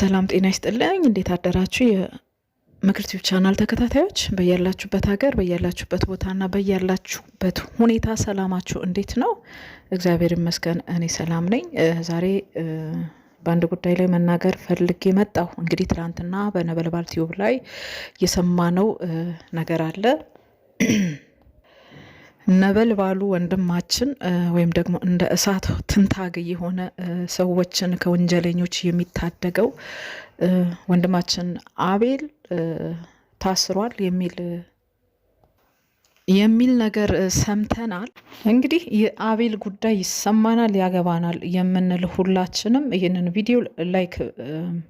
ሰላም ጤና ይስጥልኝ። እንዴት አደራችሁ? የምክር ቲዩብ ቻናል ተከታታዮች በያላችሁበት ሀገር በያላችሁበት ቦታና በያላችሁበት ሁኔታ ሰላማችሁ እንዴት ነው? እግዚአብሔር ይመስገን እኔ ሰላም ነኝ። ዛሬ በአንድ ጉዳይ ላይ መናገር ፈልጌ መጣሁ። እንግዲህ ትናንትና በነበልባል ቲዩብ ላይ የሰማነው ነገር አለ ነበልባሉ ወንድማችን ወይም ደግሞ እንደ እሳት ትንታግ የሆነ ሰዎችን ከወንጀለኞች የሚታደገው ወንድማችን አቤል ታስሯል የሚል የሚል ነገር ሰምተናል። እንግዲህ የአቤል ጉዳይ ይሰማናል፣ ያገባናል የምንል ሁላችንም ይህንን ቪዲዮ ላይክ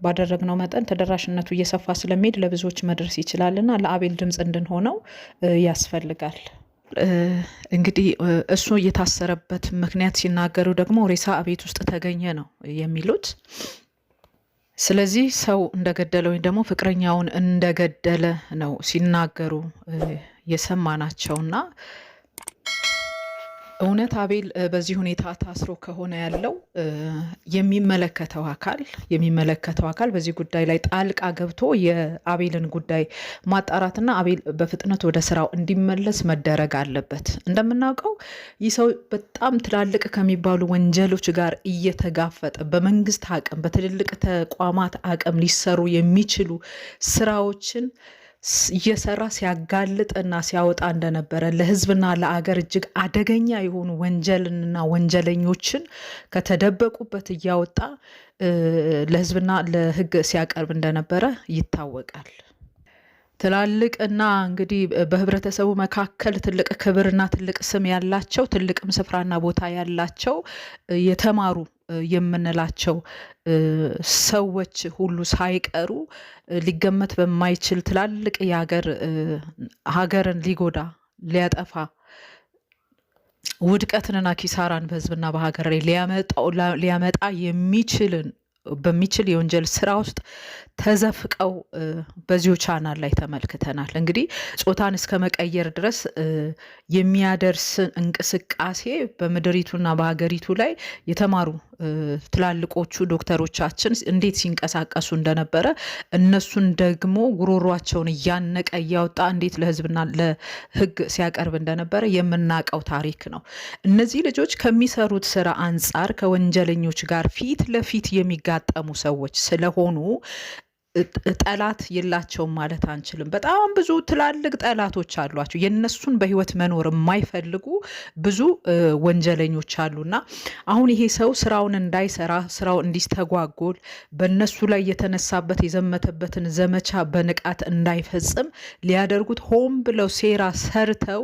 ባደረግነው መጠን ተደራሽነቱ እየሰፋ ስለሚሄድ ለብዙዎች መድረስ ይችላልና ለአቤል ድምፅ እንድንሆነው ያስፈልጋል። እንግዲህ እሱ እየታሰረበት ምክንያት ሲናገሩ ደግሞ ሬሳ ቤት ውስጥ ተገኘ ነው የሚሉት። ስለዚህ ሰው እንደገደለ ወይም ደግሞ ፍቅረኛውን እንደገደለ ነው ሲናገሩ የሰማናቸውና እውነት አቤል በዚህ ሁኔታ ታስሮ ከሆነ ያለው የሚመለከተው አካል የሚመለከተው አካል በዚህ ጉዳይ ላይ ጣልቃ ገብቶ የአቤልን ጉዳይ ማጣራትና አቤል በፍጥነት ወደ ስራው እንዲመለስ መደረግ አለበት። እንደምናውቀው ይህ ሰው በጣም ትላልቅ ከሚባሉ ወንጀሎች ጋር እየተጋፈጠ በመንግስት አቅም፣ በትልልቅ ተቋማት አቅም ሊሰሩ የሚችሉ ስራዎችን እየሰራ ሲያጋልጥና ሲያወጣ እንደነበረ ለህዝብና ለአገር እጅግ አደገኛ የሆኑ ወንጀልንና ወንጀለኞችን ከተደበቁበት እያወጣ ለህዝብና ለህግ ሲያቀርብ እንደነበረ ይታወቃል። ትላልቅና እንግዲህ በህብረተሰቡ መካከል ትልቅ ክብርና ትልቅ ስም ያላቸው ትልቅም ስፍራና ቦታ ያላቸው የተማሩ የምንላቸው ሰዎች ሁሉ ሳይቀሩ ሊገመት በማይችል ትላልቅ የሀገር ሀገርን ሊጎዳ ሊያጠፋ ውድቀትንና ኪሳራን በህዝብና በሀገር ላይ ሊያመጣ የሚችልን በሚችል የወንጀል ስራ ውስጥ ተዘፍቀው በዚሁ ቻናል ላይ ተመልክተናል። እንግዲህ ጾታን እስከ መቀየር ድረስ የሚያደርስ እንቅስቃሴ በምድሪቱና በሀገሪቱ ላይ የተማሩ ትላልቆቹ ዶክተሮቻችን እንዴት ሲንቀሳቀሱ እንደነበረ እነሱን ደግሞ ጉሮሯቸውን እያነቀ እያወጣ እንዴት ለህዝብና ለህግ ሲያቀርብ እንደነበረ የምናውቀው ታሪክ ነው። እነዚህ ልጆች ከሚሰሩት ስራ አንጻር ከወንጀለኞች ጋር ፊት ለፊት የሚጋ የሚጋጠሙ ሰዎች ስለሆኑ ጠላት የላቸውም ማለት አንችልም። በጣም ብዙ ትላልቅ ጠላቶች አሏቸው። የነሱን በህይወት መኖር የማይፈልጉ ብዙ ወንጀለኞች አሉና አሁን ይሄ ሰው ስራውን እንዳይሰራ፣ ስራው እንዲስተጓጎል፣ በነሱ ላይ የተነሳበት የዘመተበትን ዘመቻ በንቃት እንዳይፈጽም ሊያደርጉት ሆን ብለው ሴራ ሰርተው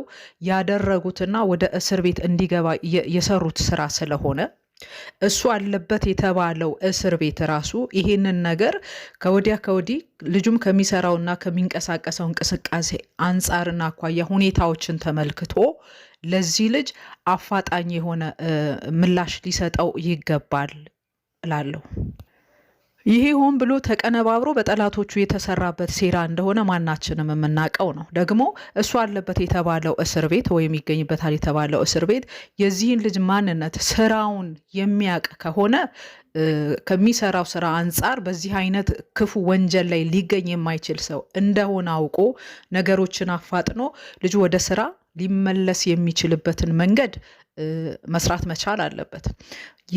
ያደረጉትና ወደ እስር ቤት እንዲገባ የሰሩት ስራ ስለሆነ እሱ አለበት የተባለው እስር ቤት ራሱ ይሄንን ነገር ከወዲያ ከወዲህ ልጁም ከሚሰራውና ከሚንቀሳቀሰው እንቅስቃሴ አንጻርና አኳያ ሁኔታዎችን ተመልክቶ ለዚህ ልጅ አፋጣኝ የሆነ ምላሽ ሊሰጠው ይገባል እላለሁ። ይሄ ሆን ብሎ ተቀነባብሮ በጠላቶቹ የተሰራበት ሴራ እንደሆነ ማናችንም የምናውቀው ነው። ደግሞ እሱ አለበት የተባለው እስር ቤት ወይም ይገኝበታል የተባለው እስር ቤት የዚህን ልጅ ማንነት ስራውን የሚያውቅ ከሆነ ከሚሰራው ስራ አንጻር በዚህ አይነት ክፉ ወንጀል ላይ ሊገኝ የማይችል ሰው እንደሆነ አውቆ ነገሮችን አፋጥኖ ልጁ ወደ ስራ ሊመለስ የሚችልበትን መንገድ መስራት መቻል አለበት።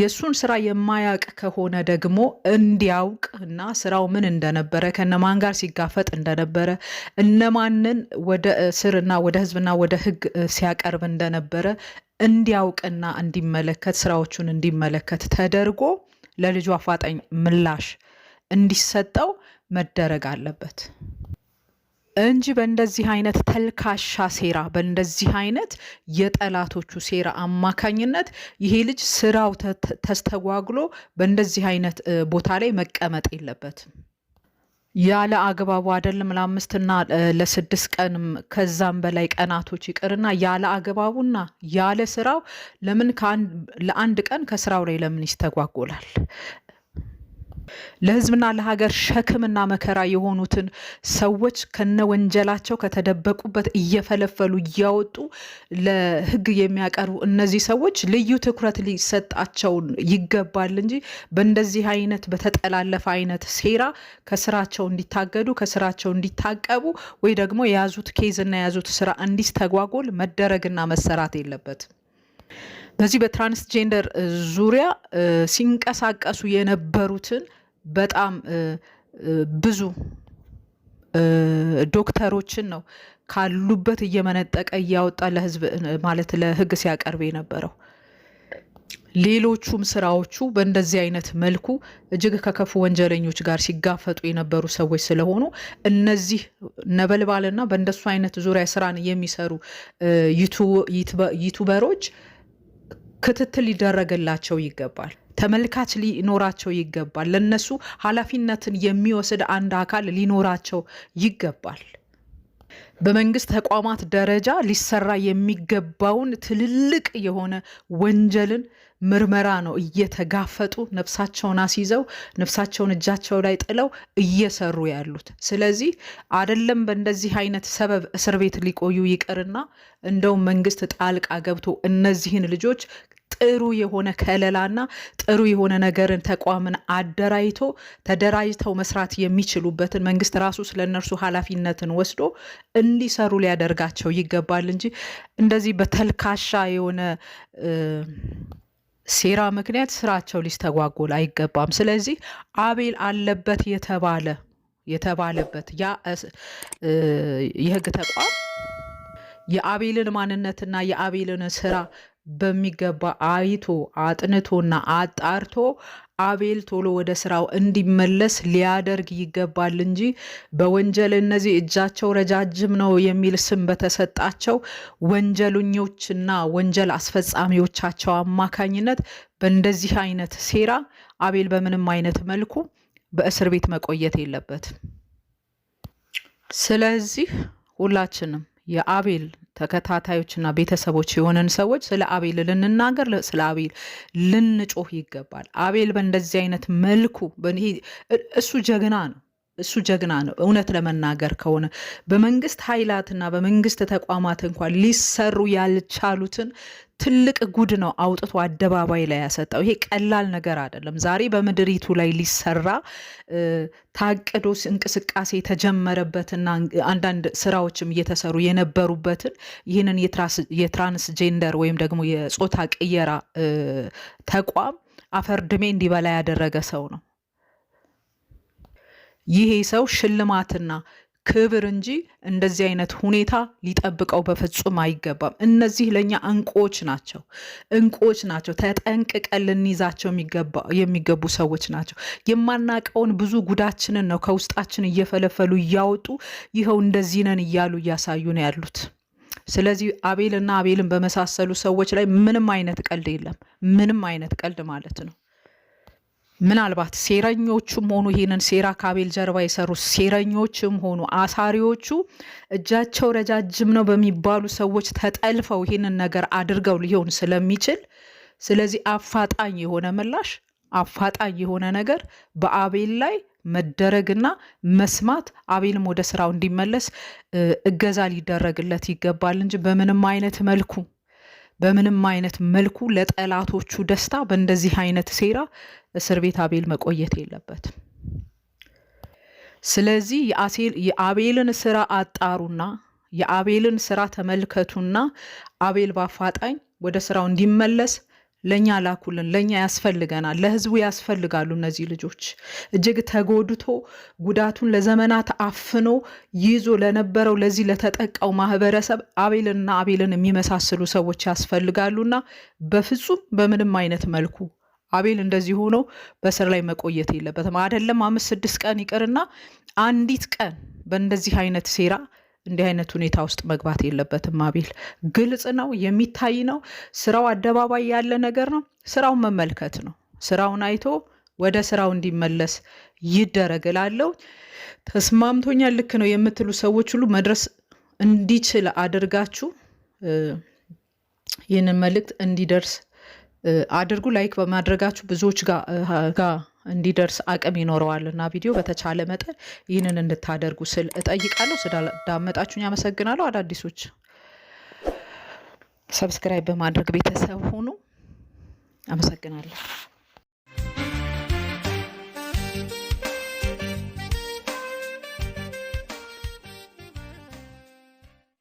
የእሱን ስራ የማያውቅ ከሆነ ደግሞ እንዲያውቅ እና ስራው ምን እንደነበረ ከነማን ጋር ሲጋፈጥ እንደነበረ እነማንን ወደ እስርና ወደ ህዝብና ወደ ህግ ሲያቀርብ እንደነበረ እንዲያውቅና እንዲመለከት ስራዎቹን እንዲመለከት ተደርጎ ለልጁ አፋጣኝ ምላሽ እንዲሰጠው መደረግ አለበት። እንጂ በእንደዚህ አይነት ተልካሻ ሴራ በእንደዚህ አይነት የጠላቶቹ ሴራ አማካኝነት ይሄ ልጅ ስራው ተስተጓጉሎ በእንደዚህ አይነት ቦታ ላይ መቀመጥ የለበትም። ያለ አግባቡ አይደለም ለአምስትና ለስድስት ቀንም ከዛም በላይ ቀናቶች ይቅርና ያለ አግባቡና ያለ ስራው ለምን ለአንድ ቀን ከስራው ላይ ለምን ይስተጓጎላል? ለህዝብና ለሀገር ሸክምና መከራ የሆኑትን ሰዎች ከነ ወንጀላቸው ከተደበቁበት እየፈለፈሉ እያወጡ ለህግ የሚያቀርቡ እነዚህ ሰዎች ልዩ ትኩረት ሊሰጣቸው ይገባል እንጂ በእንደዚህ አይነት በተጠላለፈ አይነት ሴራ ከስራቸው እንዲታገዱ ከስራቸው እንዲታቀቡ ወይ ደግሞ የያዙት ኬዝና የያዙት ስራ እንዲስተጓጎል መደረግና መሰራት የለበትም። በዚህ በትራንስጀንደር ዙሪያ ሲንቀሳቀሱ የነበሩትን በጣም ብዙ ዶክተሮችን ነው ካሉበት እየመነጠቀ እያወጣ ለህዝብ ማለት ለህግ ሲያቀርብ የነበረው። ሌሎቹም ስራዎቹ በእንደዚህ አይነት መልኩ እጅግ ከከፉ ወንጀለኞች ጋር ሲጋፈጡ የነበሩ ሰዎች ስለሆኑ እነዚህ ነበልባልና በእንደሱ አይነት ዙሪያ ስራን የሚሰሩ ዩቱበሮች ክትትል ሊደረግላቸው ይገባል። ተመልካች ሊኖራቸው ይገባል። ለነሱ ኃላፊነትን የሚወስድ አንድ አካል ሊኖራቸው ይገባል። በመንግስት ተቋማት ደረጃ ሊሰራ የሚገባውን ትልልቅ የሆነ ወንጀልን ምርመራ ነው እየተጋፈጡ ነፍሳቸውን አስይዘው ነፍሳቸውን እጃቸው ላይ ጥለው እየሰሩ ያሉት። ስለዚህ አደለም በእንደዚህ አይነት ሰበብ እስር ቤት ሊቆዩ ይቅርና እንደውም መንግስት ጣልቃ ገብቶ እነዚህን ልጆች ጥሩ የሆነ ከለላና ጥሩ የሆነ ነገርን ተቋምን አደራጅቶ ተደራጅተው መስራት የሚችሉበትን መንግስት ራሱ ስለ እነርሱ ኃላፊነትን ወስዶ እንዲሰሩ ሊያደርጋቸው ይገባል እንጂ እንደዚህ በተልካሻ የሆነ ሴራ ምክንያት ስራቸው ሊስተጓጎል አይገባም። ስለዚህ አቤል አለበት የተባለ የተባለበት ያ የህግ ተቋም የአቤልን ማንነትና የአቤልን ስራ በሚገባ አይቶ አጥንቶና አጣርቶ አቤል ቶሎ ወደ ስራው እንዲመለስ ሊያደርግ ይገባል እንጂ በወንጀል እነዚህ እጃቸው ረጃጅም ነው የሚል ስም በተሰጣቸው ወንጀለኞችና ወንጀል አስፈጻሚዎቻቸው አማካኝነት በእንደዚህ አይነት ሴራ አቤል በምንም አይነት መልኩ በእስር ቤት መቆየት የለበትም። ስለዚህ ሁላችንም የአቤል ተከታታዮችና ቤተሰቦች የሆነን ሰዎች ስለ አቤል ልንናገር፣ ስለ አቤል ልንጮህ ይገባል። አቤል በእንደዚህ አይነት መልኩ እሱ ጀግና ነው። እሱ ጀግና ነው። እውነት ለመናገር ከሆነ በመንግስት ኃይላትና በመንግስት ተቋማት እንኳን ሊሰሩ ያልቻሉትን ትልቅ ጉድ ነው አውጥቶ አደባባይ ላይ ያሰጠው። ይሄ ቀላል ነገር አይደለም። ዛሬ በምድሪቱ ላይ ሊሰራ ታቅዶ እንቅስቃሴ የተጀመረበትና አንዳንድ ስራዎችም እየተሰሩ የነበሩበትን ይህንን የትራንስጀንደር ወይም ደግሞ የጾታ ቅየራ ተቋም አፈር ድሜ እንዲበላ ያደረገ ሰው ነው። ይሄ ሰው ሽልማትና ክብር እንጂ እንደዚህ አይነት ሁኔታ ሊጠብቀው በፍጹም አይገባም። እነዚህ ለእኛ እንቁዎች ናቸው፣ እንቁዎች ናቸው። ተጠንቅቀን ልንይዛቸው የሚገቡ ሰዎች ናቸው። የማናቀውን ብዙ ጉዳችንን ነው ከውስጣችን እየፈለፈሉ እያወጡ ይኸው እንደዚህ ነን እያሉ እያሳዩ ነው ያሉት። ስለዚህ አቤልና አቤልን በመሳሰሉ ሰዎች ላይ ምንም አይነት ቀልድ የለም። ምንም አይነት ቀልድ ማለት ነው። ምናልባት ሴረኞቹም ሆኑ ይህንን ሴራ ከአቤል ጀርባ የሰሩ ሴረኞችም ሆኑ አሳሪዎቹ እጃቸው ረጃጅም ነው በሚባሉ ሰዎች ተጠልፈው ይህንን ነገር አድርገው ሊሆን ስለሚችል ስለዚህ አፋጣኝ የሆነ ምላሽ አፋጣኝ የሆነ ነገር በአቤል ላይ መደረግና መስማት አቤልም ወደ ስራው እንዲመለስ እገዛ ሊደረግለት ይገባል እንጂ በምንም አይነት መልኩ በምንም አይነት መልኩ ለጠላቶቹ ደስታ በእንደዚህ አይነት ሴራ እስር ቤት አቤል መቆየት የለበትም። ስለዚህ የአቤልን ስራ አጣሩና የአቤልን ስራ ተመልከቱና አቤል በአፋጣኝ ወደ ስራው እንዲመለስ ለእኛ ላኩልን፣ ለእኛ ያስፈልገናል፣ ለህዝቡ ያስፈልጋሉ እነዚህ ልጆች። እጅግ ተጎድቶ ጉዳቱን ለዘመናት አፍኖ ይዞ ለነበረው ለዚህ ለተጠቃው ማህበረሰብ አቤልና አቤልን የሚመሳስሉ ሰዎች ያስፈልጋሉና በፍጹም በምንም አይነት መልኩ አቤል እንደዚህ ሆኖ በስር ላይ መቆየት የለበትም። አይደለም አምስት ስድስት ቀን ይቅርና አንዲት ቀን በእንደዚህ አይነት ሴራ እንዲህ አይነት ሁኔታ ውስጥ መግባት የለበትም። አቤል ግልጽ ነው፣ የሚታይ ነው። ስራው አደባባይ ያለ ነገር ነው። ስራውን መመልከት ነው። ስራውን አይቶ ወደ ስራው እንዲመለስ ይደረግ እላለሁ። ተስማምቶኛል፣ ልክ ነው የምትሉ ሰዎች ሁሉ መድረስ እንዲችል አድርጋችሁ ይህንን መልእክት እንዲደርስ አድርጉ። ላይክ በማድረጋችሁ ብዙዎች ጋር እንዲደርስ አቅም ይኖረዋል እና ቪዲዮ በተቻለ መጠን ይህንን እንድታደርጉ ስል እጠይቃለሁ። ስላዳመጣችሁኝ ያመሰግናለሁ አዳዲሶች ሰብስክራይብ በማድረግ ቤተሰብ ሁኑ። አመሰግናለሁ።